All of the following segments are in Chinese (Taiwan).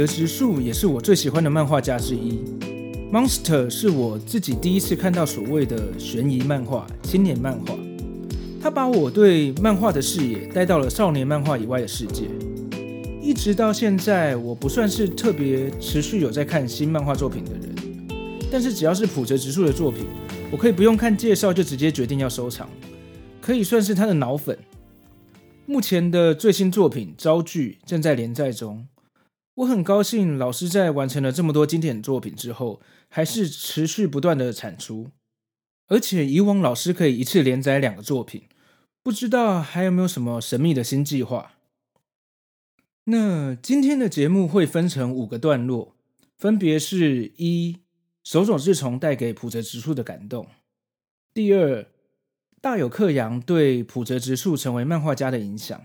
浦澤直樹也是我最喜歡的漫畫家之一。Monster 是我自己第一次看到所謂的懸疑漫畫、青年漫畫，他把我對漫畫的視野帶到了少年漫畫以外的世界。一直到現在，我不算是特別持續有在看新漫畫作品的人，但是只要是浦澤直樹的作品，我可以不用看介紹就直接決定要收藏，可以算是他的腦粉。目前的最新作品《朝劇》正在連載中。我很高興，老師在完成了這麼多經典的作品之後，還是持續不斷的產出。而且以往老師可以一次連載兩個作品，不知道還有沒有什麼神秘的新計劃。那今天的節目會分成五個段落，分別是：一、手冢治蟲帶給浦澤直樹的感動；第二，大友克洋對浦澤直樹成為漫畫家的影響；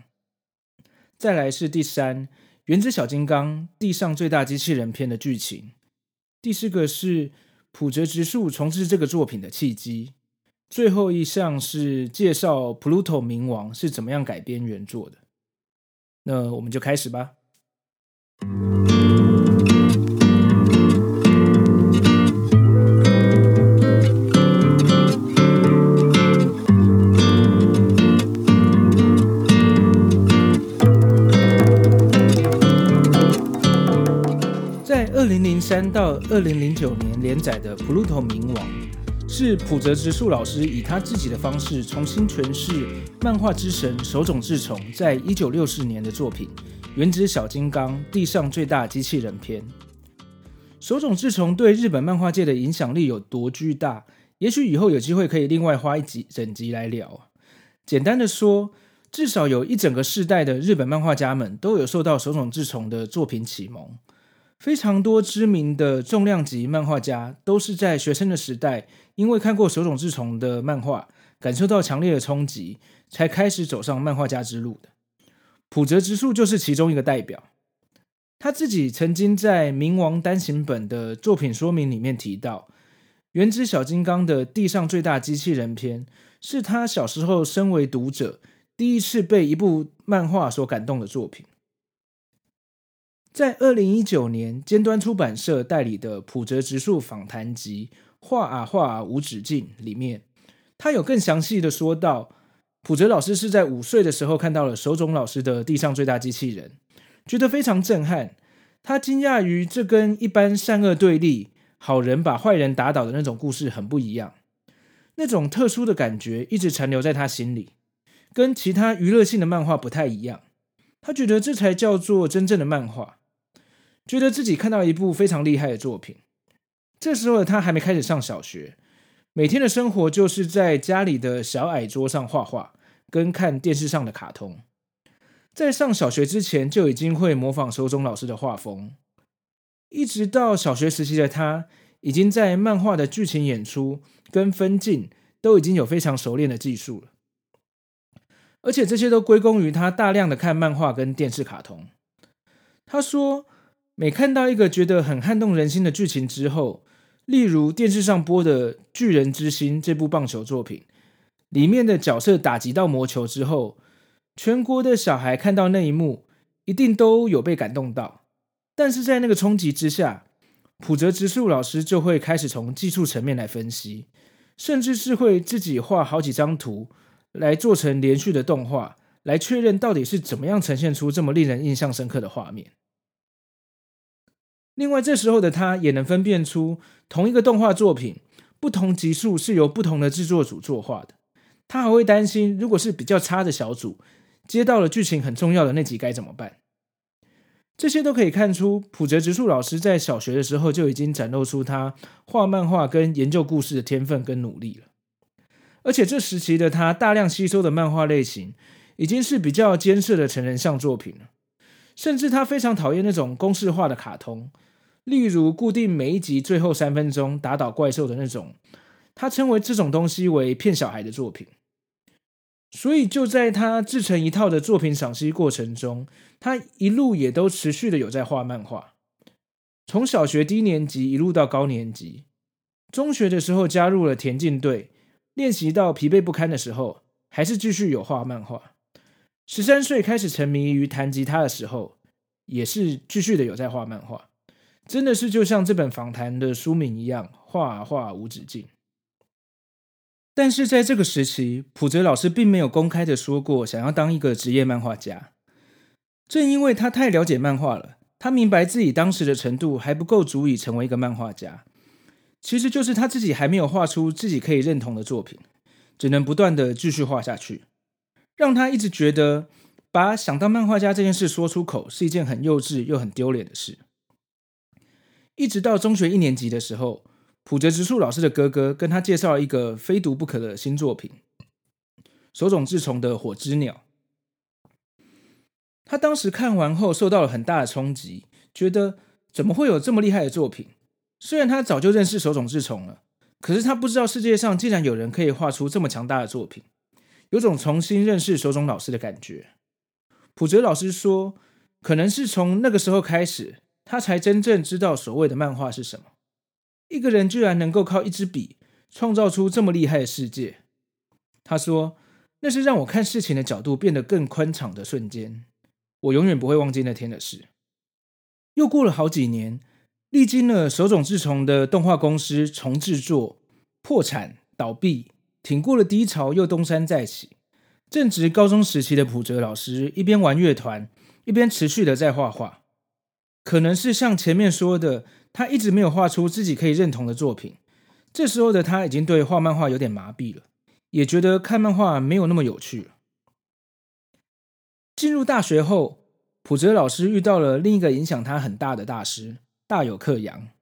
再來是第三。《原子小金剛：地上最大機器人篇》的劇情，第四個是浦澤直樹重製這個作品的契機，最後一項是介紹 Pluto 冥王是怎麼樣改編原作的。那我們就開始吧。三到二零零九年連載的《PLUTO 冥王》是浦澤直樹老師以他自己的方式重新詮釋漫畫之神手塚治蟲在一九六四年的作品《原子小金剛：地上最大機器人篇》。手塚治蟲對日本漫畫界的影響力有多巨大？也許以後有機會可以另外花一集整集來聊。簡單的說，至少有一整個世代的日本漫畫家們都有受到手塚治蟲的作品啟蒙。非常多知名的重量級漫畫家都是在學生的時代，因為看過手塚治蟲的漫畫，感受到強烈的衝擊，才開始走上漫畫家之路的。浦澤直樹就是其中一個代表。他自己曾經在《冥王單行本》的作品說明裡面提到，《原子小金剛的地上最大機器人篇》是他小時候身為讀者，第一次被一部漫畫所感動的作品。在二零一九年，尖端出版社代理的浦澤直樹訪談集《畫啊畫啊無止境》裡面，他有更詳細的說到，浦澤老師是在五歲的時候看到了手塚老師的《地上最大機器人》，覺得非常震撼。他驚訝於這跟一般善惡對立、好人把壞人打倒的那種故事很不一樣，那種特殊的感覺一直殘留在他心裡，跟其他娛樂性的漫畫不太一樣。他覺得這才叫做真正的漫畫。覺得自己看到一部非常厲害的作品。這時候的他還沒開始上小學，每天的生活就是在家裡的小矮桌上畫畫，跟看電視上的卡通。在上小學之前就已經會模仿手塚老師的畫風，一直到小學時期的他，已經在漫畫的劇情演出跟分鏡都已經有非常熟練的技術了。而且這些都歸功於他大量的看漫畫跟電視卡通。他說。每看到一個覺得很撼動人心的劇情之後，例如電視上播的《巨人之星》這部棒球作品，裡面的角色打擊到魔球之後，全國的小孩看到那一幕，一定都有被感動到。但是在那個衝擊之下，浦澤直樹老師就會開始從技術層面來分析，甚至是會自己畫好幾張圖來做成連續的動畫，來確認到底是怎麼樣呈現出這麼令人印象深刻的畫面。另外，這時候的他也能分辨出同一個動畫作品不同集數是由不同的製作組作畫的。他還會擔心，如果是比較差的小組接到了劇情很重要的那集該怎麼辦？這些都可以看出，浦澤直樹老師在小學的時候就已經展露出他畫漫畫跟研究故事的天分跟努力了。而且，這時期的他大量吸收的漫畫類型，已經是比較艱澀的成人向作品了。甚至他非常討厭那種公式化的卡通，例如固定每一集最後三分鐘打倒怪獸的那種。他稱為這種東西為騙小孩的作品。所以就在他制成一套的作品賞析過程中，他一路也都持續的有在畫漫畫。從小學低年級一路到高年級，中學的時候加入了田徑隊，練習到疲憊不堪的時候，還是繼續有畫漫畫。十三歲開始沉迷於彈吉他的時候，也是繼續的有在畫漫畫，真的是就像這本訪談的書名一樣，畫畫無止境。但是在這個時期，浦澤老師並沒有公開的說過想要當一個職業漫畫家。正因為他太了解漫畫了，他明白自己當時的程度還不夠足以成為一個漫畫家。其實就是他自己還沒有畫出自己可以認同的作品，只能不斷的繼續畫下去。讓他一直覺得，把想當漫畫家這件事說出口是一件很幼稚又很丟臉的事。一直到中學一年級的時候，浦澤直樹老師的哥哥跟他介紹了一個非讀不可的新作品——手塚治蟲的《火之鳥》。他當時看完後受到了很大的衝擊，覺得怎麼會有這麼厲害的作品？雖然他早就認識手塚治蟲了，可是他不知道世界上竟然有人可以畫出這麼強大的作品。有種重新認識手塚老師的感覺。浦澤老師說：“可能是從那個時候開始，他才真正知道所謂的漫畫是什麼。一個人居然能夠靠一支筆創造出這麼厲害的世界。”他說：“那是讓我看事情的角度變得更寬敞的瞬間。我永遠不會忘記那天的事。”又過了好幾年，歷經了手塚治蟲的動畫公司重製作、破產、倒閉。挺過了低潮，又東山再起。正值高中時期的浦澤老師，一邊玩樂團，一邊持續的在畫畫。可能是像前面說的，他一直沒有畫出自己可以認同的作品。這時候的他已經對畫漫畫有點麻痹了，也覺得看漫畫沒有那麼有趣了。進入大學後，浦澤老師遇到了另一個影響他很大的大師——大友克洋。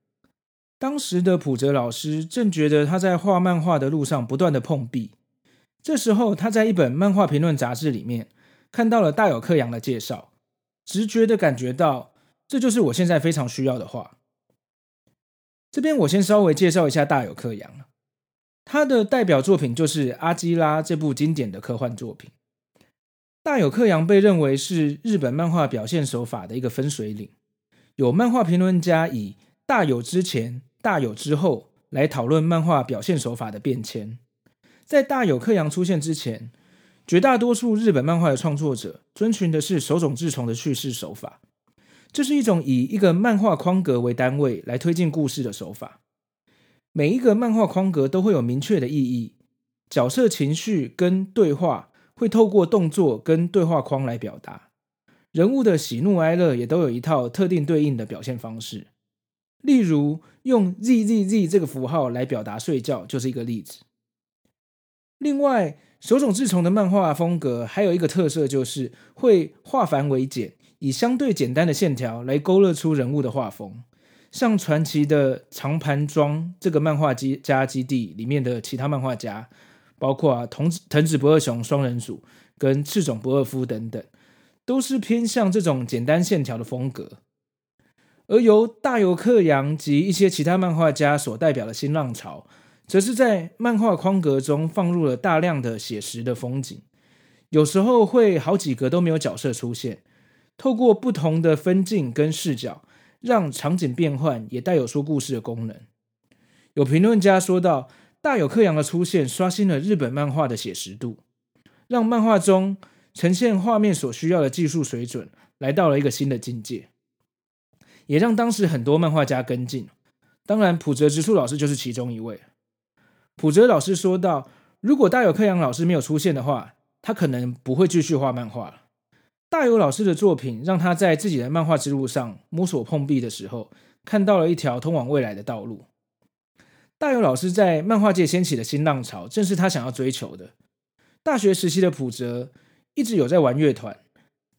當時的浦澤老師正覺得他在畫漫畫的路上不斷的碰壁，這時候他在一本漫畫評論雜誌裡面看到了大友克洋的介紹，直覺地感覺到這就是我現在非常需要的畫。這邊我先稍微介紹一下大友克洋，他的代表作品就是《阿基拉》這部經典的科幻作品。大友克洋被認為是日本漫畫表現手法的一個分水嶺，有漫畫評論家以大友之前。大友之後來討論漫畫表現手法的變遷。在大友克洋出現之前，絕大多數日本漫畫的創作者遵循的是手冢治蟲的敘事手法，這、就是一種以一個漫畫框格為單位來推進故事的手法。每一個漫畫框格都會有明確的意義，角色情緒跟對話會透過動作跟對話框來表達，人物的喜怒哀樂也都有一套特定對應的表現方式，例如。用 z z z 這個符號來表達睡覺，就是一個例子。另外，手塚治蟲的漫畫風格還有一個特色，就是會化繁為簡，以相對簡單的線條來勾勒出人物的畫風。像傳奇的長盤莊這個漫畫家基地裡面的其他漫畫家，包括啊藤子藤子不二雄雙人組跟赤塚不二夫等等，都是偏向這種簡單線條的風格。而由大友克洋及一些其他漫畫家所代表的新浪潮，則是在漫畫框格中放入了大量的寫實的風景，有時候會好幾格都沒有角色出現，透過不同的分鏡跟視角，讓場景變換也帶有說故事的功能。有評論家說到，大友克洋的出現刷新了日本漫畫的寫實度，讓漫畫中呈現畫面所需要的技術水準來到了一個新的境界。也讓當時很多漫畫家跟進，當然浦澤直樹老師就是其中一位。浦澤老師說道，如果大友克洋老師沒有出現的話，他可能不會繼續畫漫畫。大友老師的作品讓他在自己的漫畫之路上摸索碰壁的時候，看到了一條通往未來的道路。大友老師在漫畫界掀起的新浪潮，正是他想要追求的。大學時期的浦澤一直有在玩樂團。”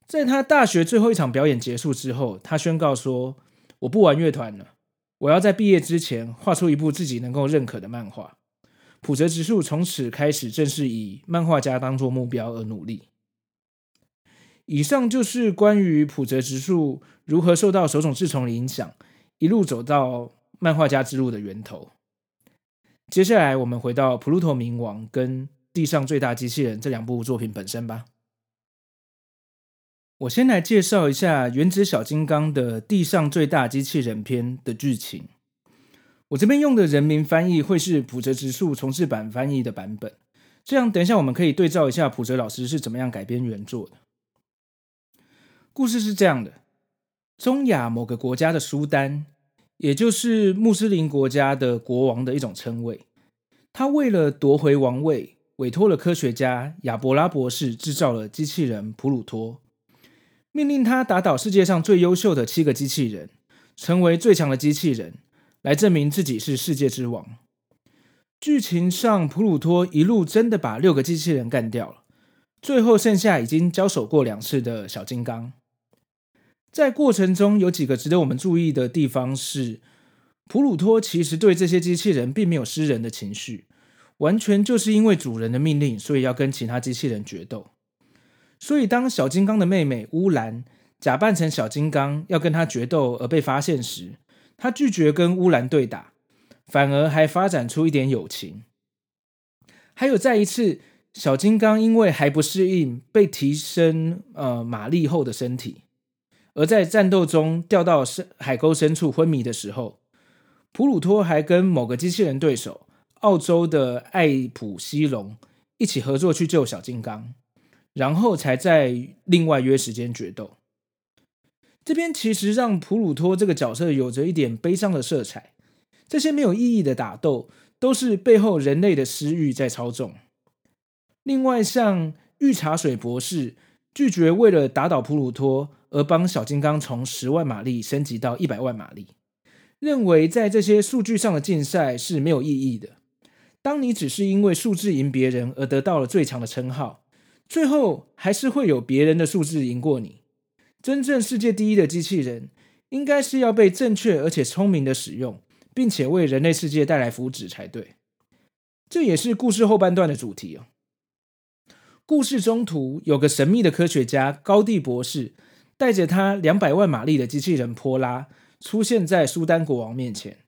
在他大學最後一場表演結束之後，他宣告說：“我不玩樂團了，我要在畢業之前畫出一部自己能夠認可的漫畫。”浦澤直樹從此開始正式以漫畫家當作目標而努力。以上就是關於浦澤直樹如何受到手塚治蟲的影響，一路走到漫畫家之路的源頭。接下來，我們回到《普魯托冥王》跟《地上最大機器人》這兩部作品本身吧。我先來介紹一下《原子小金剛》的《地上最大機器人》篇的劇情。我這邊用的人名翻譯會是浦澤直樹重製版翻譯的版本，這樣等一下我們可以對照一下浦澤老師是怎麼樣改編原作的。故事是這樣的：中亞某個國家的蘇丹，也就是穆斯林國家的國王的一種稱謂，他為了奪回王位，委托了科學家亞伯拉博士制造了機器人普魯托。命令他打倒世界上最優秀的七個機器人，成為最強的機器人，來證明自己是世界之王。劇情上，普魯托一路真的把六個機器人幹掉了，最後剩下已經交手過兩次的小金剛。在過程中，有幾個值得我們注意的地方是，普魯托其實對這些機器人並沒有私人的情緒，完全就是因為主人的命令，所以要跟其他機器人決鬥。所以，當小金剛的妹妹烏蘭假扮成小金剛要跟他決鬥而被發現時，他拒絕跟烏蘭對打，反而還發展出一點友情。還有，再一次，小金剛因為還不適應被提升呃馬力後的身體，而在戰鬥中掉到深海溝深處昏迷的時候，普魯托還跟某個機器人對手，澳洲的艾普西隆一起合作去救小金剛。然後才在另外約時間決鬥。這邊其實讓普魯托這個角色有着一點悲傷的色彩。這些沒有意義的打鬥，都是背後人類的私慾在操縱。另外，像御茶水博士拒絕為了打倒普魯托而幫小金剛從十萬馬力升級到一百萬馬力，認為在這些數據上的競賽是沒有意義的。當你只是因為數字贏別人而得到了最強的稱號，最後還是會有別人的數字贏過你。真正世界第一的機器人，應該是要被正確而且聰明的使用，並且為人類世界帶來福祉才對。這也是故事後半段的主題哦。故事中途有個神秘的科學家高地博士，帶着他兩百萬馬力的機器人波拉，出現在蘇丹國王面前。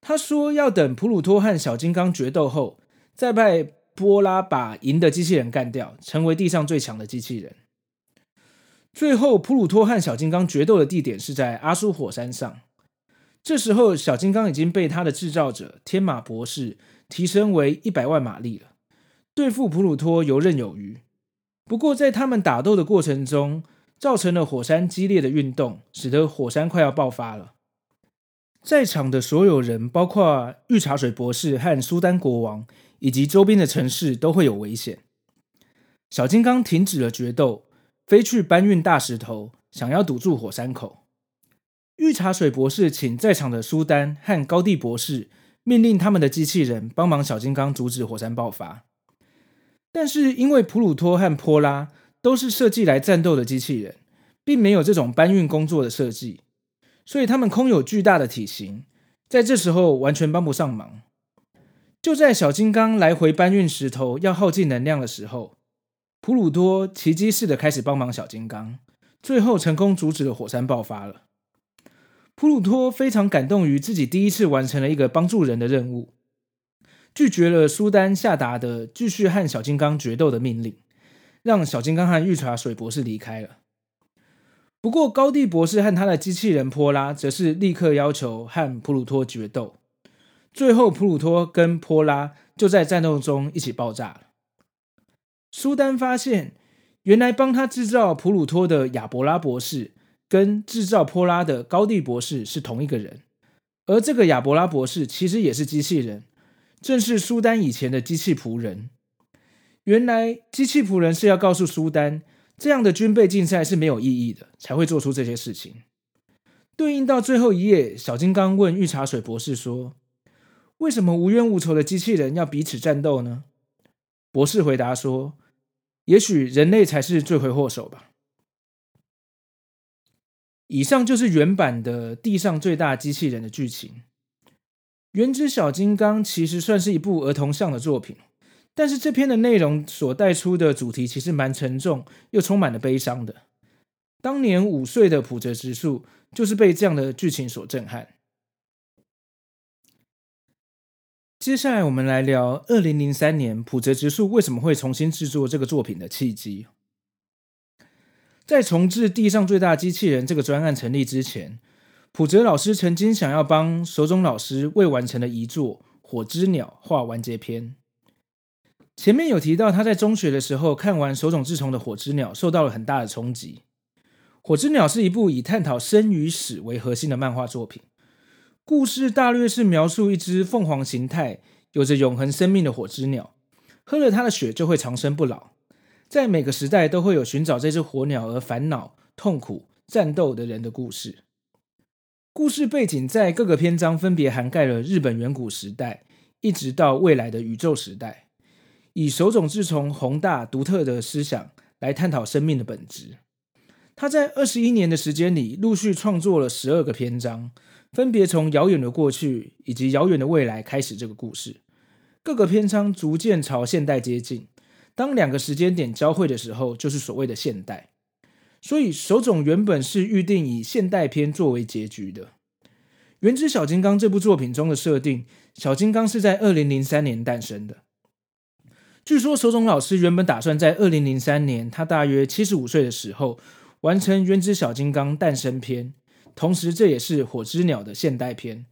他說要等普魯托和小金剛決鬥後，再派。波拉把銀的機器人幹掉，成為地上最強的機器人。最後，普魯托和小金剛決鬥的地點是在阿蘇火山上。這時候，小金剛已經被他的製造者天馬博士提升為一百萬馬力了，對付普魯托游刃有餘。不過，在他們打鬥的過程中，造成了火山激烈的運動，使得火山快要爆發了。在場的所有人，包括御茶水博士和蘇丹國王。以及周邊的城市都會有危險。小金剛停止了決鬥，飛去搬運大石頭，想要堵住火山口。御茶水博士請在場的蘇丹和高地博士命令他們的機器人幫忙小金剛阻止火山爆發。但是因為普魯托和波拉都是設計來戰鬥的機器人，並沒有這種搬運工作的設計，所以他們空有巨大的體型，在這時候完全幫不上忙。就在小金剛來回搬運石頭要耗盡能量的時候，普魯托奇跡似的開始幫忙小金剛，最後成功阻止了火山爆發了。普魯托非常感動於自己第一次完成了一個幫助人的任務，拒絕了蘇丹下達的繼續和小金剛決鬥的命令，讓小金剛和御茶水博士離開了。不過高地博士和他的機器人波拉則是立刻要求和普魯托決鬥。最後，普魯托跟波拉就在戰鬥中一起爆炸了。蘇丹發現，原來幫他製造普魯托的亞伯拉博士跟製造波拉的高地博士是同一個人，而這個亞伯拉博士其實也是機器人，正是蘇丹以前的機器僕人。原來機器僕人是要告訴蘇丹，這樣的軍備競賽是沒有意義的，才會做出這些事情。對應到最後一頁，小金剛問御茶水博士說。為什麼無冤無仇的機器人要彼此戰鬥呢？博士回答說：“也許人類才是罪魁禍首吧。”以上就是原版的《地上最大機器人》的劇情。《原子小金剛》其實算是一部兒童向的作品，但是這篇的內容所帶出的主題其實蠻沉重又充滿了悲傷的。當年五歲的浦澤直樹就是被這樣的劇情所震撼。接下來我們來聊二零零三年浦澤直樹為什麼會重新製作這個作品的契機。在重製《地上最大機器人》這個專案成立之前，浦澤老師曾經想要幫手冢老師未完成的遺作《火之鳥》畫完結篇。前面有提到，他在中學的時候看完手冢治蟲的《火之鳥》，受到了很大的衝擊。《火之鳥》是一部以探討生與死為核心的漫畫作品。故事大略是描述一隻鳳凰形態、有着永恆生命的火之鳥，喝了它的血就會長生不老。在每個時代都會有尋找這隻火鳥而煩惱、痛苦、戰鬥的人的故事。故事背景在各個篇章分別涵蓋了日本遠古時代，一直到未來的宇宙時代。以手冢治蟲宏大獨特的思想來探討生命的本質。他在二十一年的時間裡陸續創作了十二個篇章。分別從遙遠的過去以及遙遠的未來開始這個故事，各個篇章逐漸朝現代接近。當兩個時間點交匯的時候，就是所謂的現代。所以，手塚原本是預定以現代篇作為結局的。《原子小金剛》這部作品中的設定，小金剛是在二零零三年誕生的。據說，手塚老師原本打算在二零零三年，他大約七十五歲的時候，完成《原子小金剛誕生篇》。同時，這也是《火之鳥》的現代篇，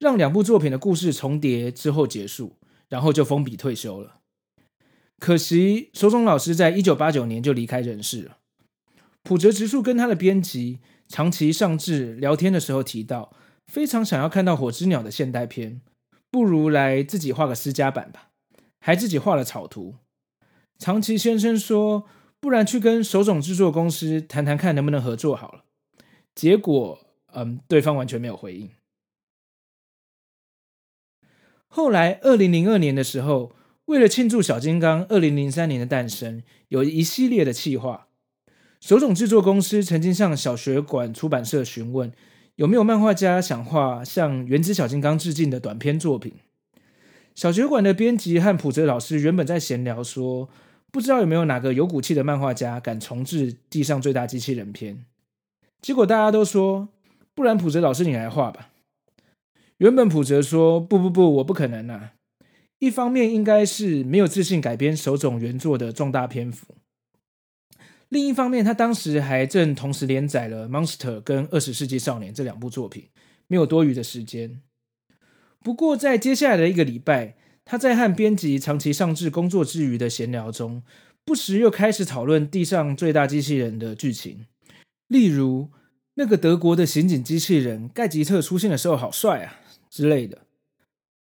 讓兩部作品的故事重疊之後結束，然後就封筆退休了。可惜，手塚老師在一九八九年就離開人世了。浦澤直樹跟他的編輯長崎尚志聊天的時候提到，非常想要看到《火之鳥》的現代篇，不如來自己畫個私家版吧，還自己畫了草圖。長崎先生說，不然去跟手塚製作公司談談看能不能合作好了。結果。嗯，對方完全沒有回應。後來，二零零二年的時候，為了慶祝小金剛二零零三年的誕生，有一系列的企劃。手塚製作公司曾經向小學館出版社詢問，有沒有漫畫家想畫向原子小金剛致敬的短篇作品。小學館的編輯和浦澤老師原本在閒聊說，不知道有沒有哪個有骨氣的漫畫家敢重製地上最大機器人篇。結果大家都說。不然，浦澤老師，你來畫吧。原本浦澤說：“不不不，我不可能吶、啊。”一方面應該是沒有自信改編手冢原作的重大篇幅；另一方面，他當時還正同時連載了《Monster》跟《二十世紀少年》這兩部作品，沒有多餘的時間。不過，在接下來的一個禮拜，他在和編輯長期上至工作之餘的閒聊中，不時又開始討論地上最大機器人的劇情，例如。那個德國的刑警機器人蓋吉特出現的時候好帥啊之類的，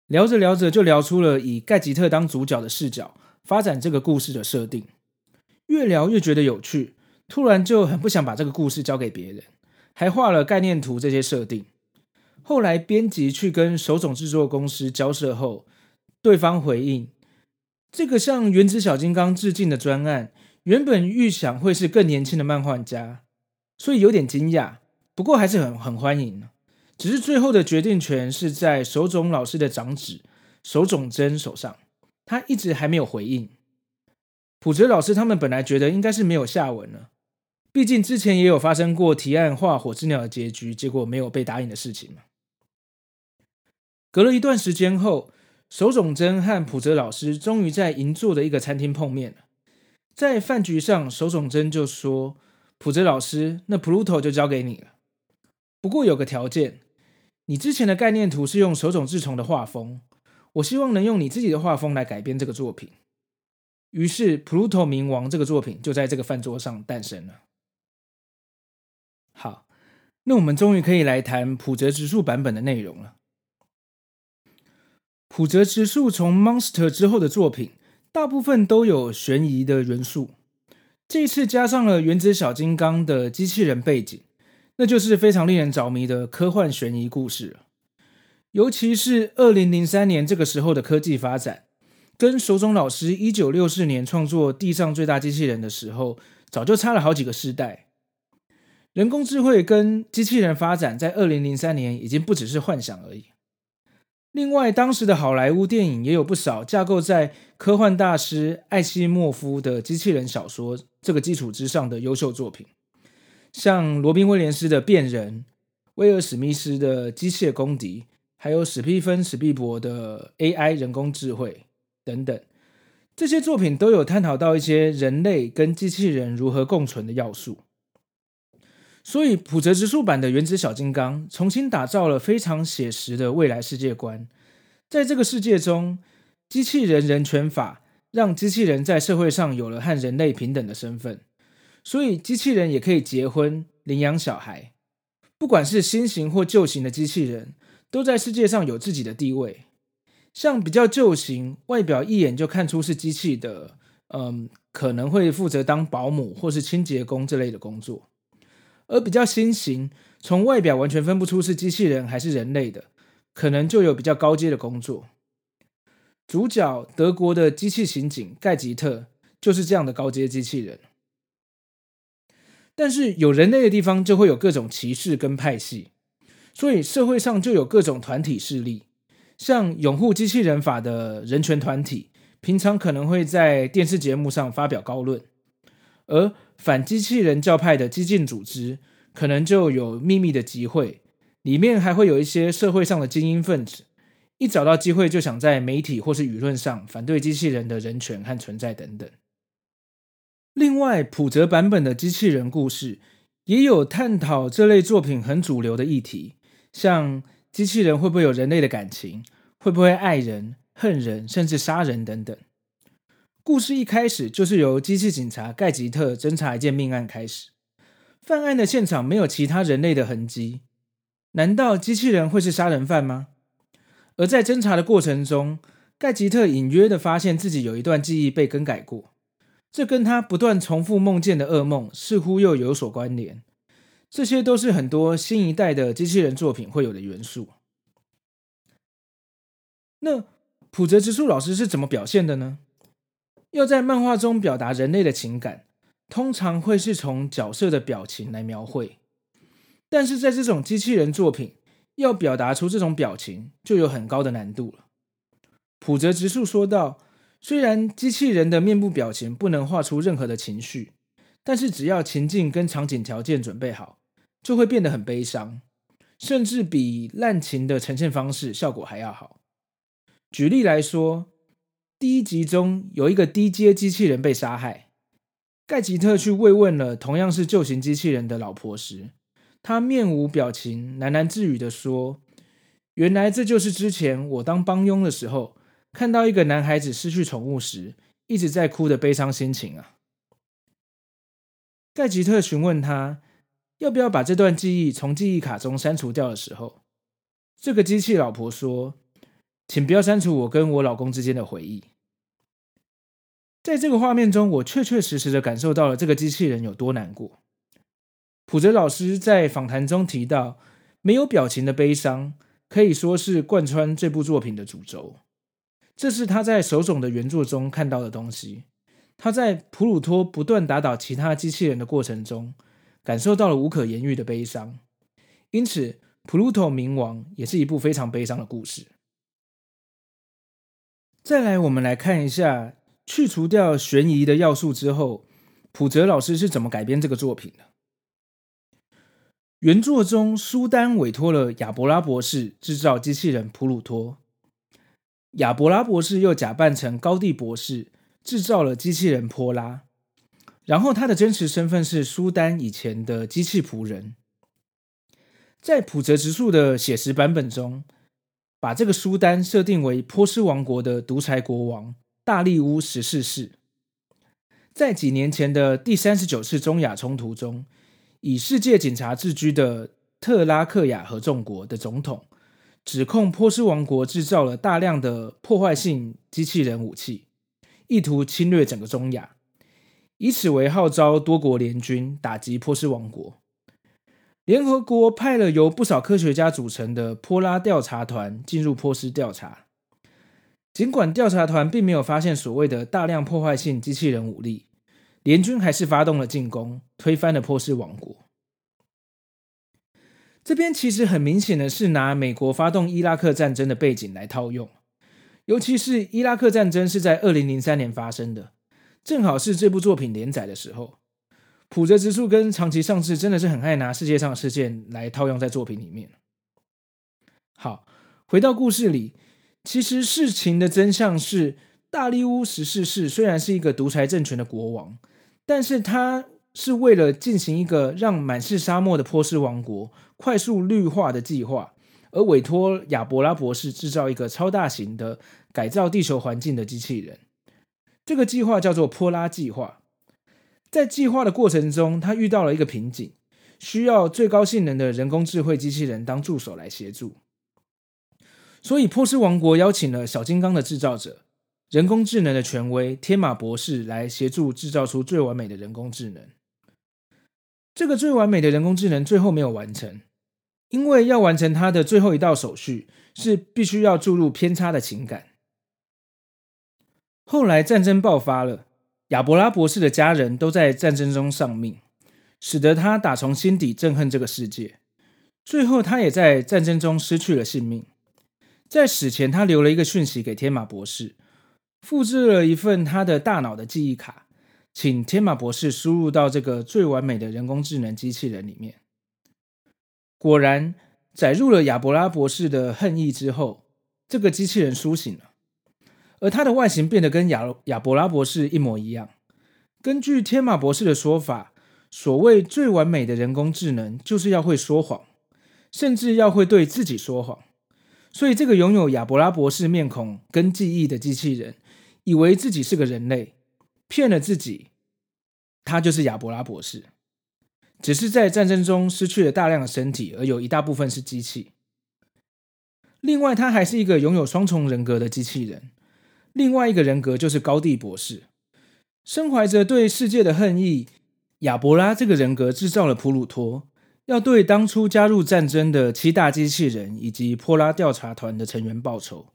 聊着聊着就聊出了以蓋吉特當主角的視角發展這個故事的設定，越聊越覺得有趣，突然就很不想把這個故事交給別人，還畫了概念圖這些設定。後來編輯去跟手冢制作公司交涉後，對方回應，這個向原子小金剛致敬的專案，原本預想會是更年輕的漫畫家。所以有點驚訝，不過還是很很歡迎。只是最後的決定權是在手塚老師的長子手塚真手上，他一直還沒有回應。浦澤老師他們本來覺得應該是沒有下文了，畢竟之前也有發生過提案畫火之鳥的結局，結果沒有被答應的事情嘛。隔了一段時間後，手塚真和浦澤老師終於在銀座的一個餐廳碰面了。在飯局上，手塚真就說。浦澤老師，那 Pluto 就交給你了。不過有個條件，你之前的概念圖是用手冢治蟲的畫風，我希望能用你自己的畫風來改編這個作品。於是，Pluto 冥王這個作品就在這個飯桌上誕生了。好，那我們終於可以來談浦澤直樹版本的內容了。浦澤直樹從 Monster 之後的作品，大部分都有懸疑的元素。這一次加上了原子小金剛的機器人背景，那就是非常令人着迷的科幻懸疑故事。尤其是二零零三年這個時候的科技發展，跟手冢老師一九六四年創作《地上最大機器人》的時候，早就差了好幾個世代。人工智慧跟機器人發展在二零零三年已經不只是幻想而已。另外，當時的好萊塢電影也有不少架構在科幻大師艾希莫夫的機器人小說。這個基礎之上的優秀作品，像羅賓威廉斯的《變人》，威爾史密斯的《機械公敵》，還有史蒂芬史匹柏的《AI 人工智慧》等等，這些作品都有探討到一些人類跟機器人如何共存的要素。所以，浦澤直樹版的《原子小金剛》重新打造了非常寫實的未來世界觀，在這個世界中，機器人人權法，讓機器人在社會上有了和人類平等的身份，所以機器人也可以結婚、領養小孩。不管是新型或舊型的機器人，都在世界上有自己的地位。像比較舊型，外表一眼就看出是機器的，嗯，可能會負責當保姆或是清潔工這類的工作；而比較新型，從外表完全分不出是機器人還是人類的，可能就有比較高階的工作。主角德國的機器刑警蓋吉特就是這樣的高階機器人。但是有人類的地方就會有各種歧視跟派系，所以社會上就有各種團體勢力，像擁護機器人法的人權團體，平常可能會在電視節目上發表高論；而反機器人教派的激進組織，可能就有秘密的集會，裡面還會有一些社會上的精英分子。一找到機會就想在媒體或是輿論上反對機器人的人權和存在等等。另外，浦澤版本的機器人故事也有探討這類作品很主流的議題，像機器人會不會有人類的感情，會不會愛人、恨人，甚至殺人等等。故事一開始就是由機器警察蓋吉特偵查一件命案開始，犯案的現場沒有其他人類的痕跡，難道機器人會是殺人犯嗎？而在偵查的過程中，蓋吉特隱約的發現自己有一段記憶被更改過，這跟他不斷重複夢見的噩夢似乎又有所關聯。這些都是很多新一代的機器人作品會有的元素。那浦澤直樹老師是怎麼表現的呢？要在漫畫中表達人類的情感，通常會是從角色的表情來描繪，但是在這種機器人作品。要表達出這種表情，就有很高的難度了。浦澤直樹說道：“雖然機器人的面部表情不能畫出任何的情緒，但是只要情境跟場景條件準備好，就會變得很悲傷，甚至比濫情的呈現方式效果還要好。”舉例來說，第一集中有一個低階機器人被殺害，蓋吉特去慰問了同樣是舊型機器人的老婆時。他面無表情、喃喃自語的說：“原來這就是之前我當幫傭的時候，看到一個男孩子失去寵物時一直在哭的悲傷心情啊。”蓋吉特詢問他要不要把這段記憶從記憶卡中刪除掉的時候，這個機器老婆說：“請不要刪除我跟我老公之間的回憶。”在這個畫面中，我確確實實的感受到了這個機器人有多難過。浦澤老師在訪談中提到，沒有表情的悲傷可以說是貫穿這部作品的主軸。這是他在手塚的原作中看到的東西。他在普魯托不斷打倒其他機器人的過程中，感受到了無可言喻的悲傷。因此，《普魯托：冥王》也是一部非常悲傷的故事。再來，我們來看一下去除掉懸疑的要素之後，浦澤老師是怎麼改編這個作品的。原作中，蘇丹委托了亞伯拉博士製造機器人普魯托，亞伯拉博士又假扮成高地博士製造了機器人波拉，然後他的真實身份是蘇丹以前的機器僕人。在浦澤直樹的寫實版本中，把這個蘇丹設定為波斯王國的獨裁國王大力烏十四世，在幾年前的第三十九次中亞衝突中。以世界警察自居的特拉克雅合眾國的總統，指控波斯王國製造了大量的破壞性機器人武器，意圖侵略整個中亞，以此為號召多國聯軍打擊波斯王國。聯合國派了由不少科學家組成的波拉調查團進入波斯調查，儘管調查團並沒有發現所謂的大量破壞性機器人武力，聯軍還是發動了進攻，推翻了波斯王國。這邊其實很明顯的是拿美國發動伊拉克戰爭的背景來套用，尤其是伊拉克戰爭是在二零零三年發生的，正好是這部作品連載的時候。浦澤直樹跟長崎尚志真的是很愛拿世界上的事件來套用在作品裡面。好，回到故事裡，其實事情的真相是，大利烏十四世雖然是一個獨裁政權的國王。但是他是為了進行一個讓滿是沙漠的波斯王國快速綠化的計劃，而委託亞伯拉博士製造一個超大型的改造地球環境的機器人。這個計劃叫做“波拉計劃”。在計劃的過程中，他遇到了一個瓶頸，需要最高性能的人工智慧機器人當助手來協助。所以，波斯王國邀請了小金剛的製造者。人工智能的權威，天馬博士來協助製造出最完美的人工智能。這個最完美的人工智能最後沒有完成，因為要完成它的最後一道手續，是必須要注入偏差的情感。後來戰爭爆發了，亞伯拉博士的家人都在戰爭中喪命，使得他打從心底憎恨這個世界。最後他也在戰爭中失去了性命。在死前，他留了一個訊息給天馬博士。複製了一份他的大腦的記憶卡，請天馬博士輸入到這個最完美的人工智能機器人裡面。果然，載入了亞伯拉博士的恨意之後，這個機器人甦醒了，而它的外形變得跟亞亞伯拉博士一模一樣。根據天馬博士的說法，所謂最完美的人工智能，就是要會說謊，甚至要會對自己說謊。所以，這個擁有亞伯拉博士面孔跟記憶的機器人，以為自己是個人類，騙了自己。他就是亞伯拉博士，只是在戰爭中失去了大量的身體，而有一大部分是機器。另外，他還是一個擁有雙重人格的機器人，另外一個人格就是高地博士，身懷着對世界的恨意。亞伯拉這個人格製造了普魯托，要對當初加入戰爭的七大機器人以及波拉調查團的成員報仇。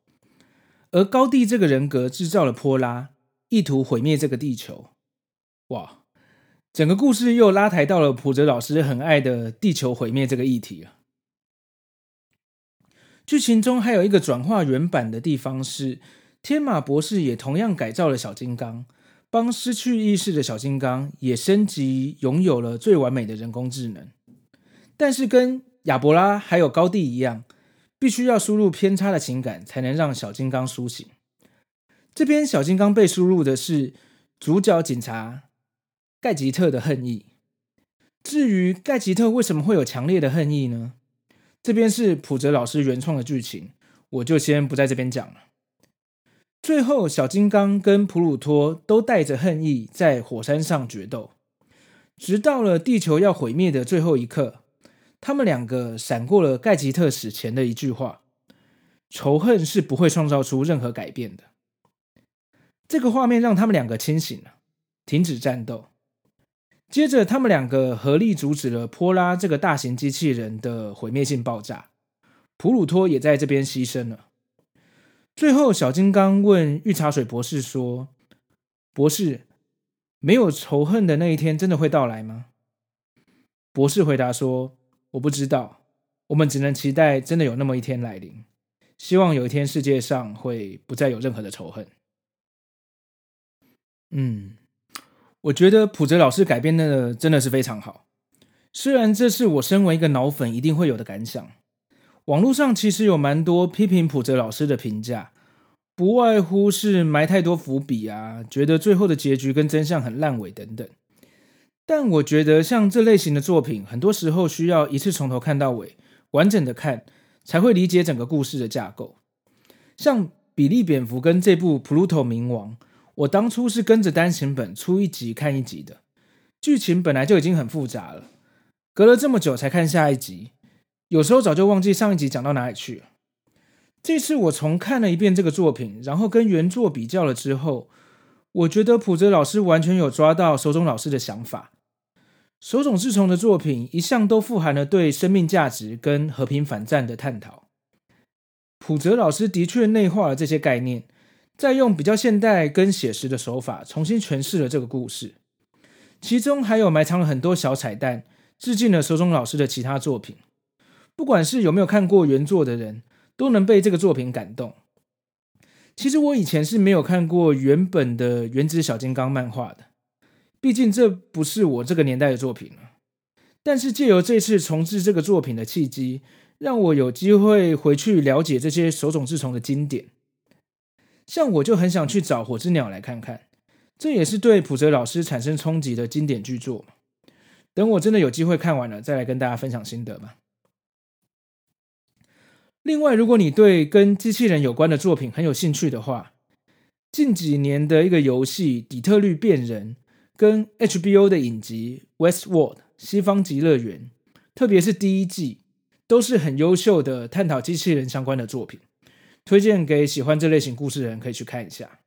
而高地這個人格制造了波拉，意圖毀滅這個地球。哇，整個故事又拉抬到了浦澤老師很愛的地球毀滅這個議題啊。劇情中還有一個轉化原版的地方是，天馬博士也同樣改造了小金剛，幫失去意識的小金剛也升級擁有了最完美的人工智能。但是跟亞伯拉還有高地一樣。必須要輸入偏差的情感，才能讓小金剛蘇醒。這邊小金剛被輸入的是主角警察蓋吉特的恨意。至於蓋吉特為什麼會有強烈的恨意呢？這邊是浦澤老師原創的劇情，我就先不在這邊講了。最後，小金剛跟普魯托都帶着恨意在火山上決鬥，直到了地球要毀滅的最後一刻。他們兩個閃過了蓋吉特死前的一句話：“仇恨是不會創造出任何改變的。”這個畫面讓他們兩個清醒了，停止戰鬥。接着，他們兩個合力阻止了波拉這個大型機器人的毀滅性爆炸。普魯托也在這邊犧牲了。最後，小金剛問御茶水博士說：“博士，沒有仇恨的那一天真的會到來嗎？”博士回答說。我不知道，我們只能期待真的有那麼一天來臨。希望有一天世界上會不再有任何的仇恨。嗯，我覺得浦澤老師改編的真的是非常好。雖然這是我身為一個腦粉一定會有的感想。網絡上其實有蠻多批評浦澤老師的評價，不外乎是埋太多伏筆啊，覺得最後的結局跟真相很爛尾等等。但我覺得像這類型的作品，很多時候需要一次從頭看到尾，完整的看，才會理解整個故事的架構。像《比利蝙蝠》跟這部《Pluto 冥王》，我當初是跟着單行本出一集看一集的，劇情本來就已經很複雜了，隔了這麼久才看下一集，有時候早就忘記上一集講到哪裡去了。這次我重看了一遍這個作品，然後跟原作比較了之後，我覺得浦澤老師完全有抓到手塚老師的想法。手塚治蟲的作品一向都富含了對生命價值跟和平反戰的探討。浦澤老師的確內化了這些概念，再用比較現代跟寫實的手法重新詮釋了這個故事。其中還有埋藏了很多小彩蛋，致敬了手塚老師的其他作品。不管是有沒有看過原作的人，都能被這個作品感動。其實我以前是沒有看過原本的《原子小金剛》漫畫的。畢竟這不是我這個年代的作品了，但是借由這次重製這個作品的契機，讓我有機會回去了解這些手塚治蟲的經典。像我就很想去找《火之鳥》來看看，這也是對浦澤老師產生衝擊的經典巨作。等我真的有機會看完了，再來跟大家分享心得吧。另外，如果你對跟機器人有關的作品很有興趣的話，近幾年的一個遊戲《底特律變人》。跟 HBO 的影集《Westworld》西方極樂園，特別是第一季，都是很優秀的探討機器人相關的作品，推薦給喜歡這類型故事的人可以去看一下。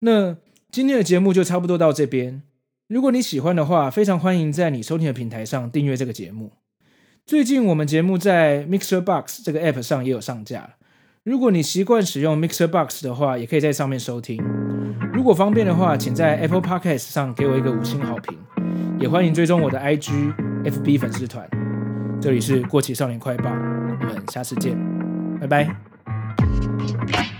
那今天的節目就差不多到這邊。如果你喜歡的話，非常歡迎在你收聽的平台上訂閱這個節目。最近我們節目在 Mixer Box 這個 App 上也有上架了。如果你習慣使用 Mixer Box 的話，也可以在上面收聽。如果方便的話，請在 Apple Podcast 上給我一個五星好評，也歡迎追蹤我的 IG、FB 粉絲團。這裡是《過期少年快報》，我們下次見，拜拜。